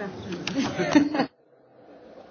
Good afternoon.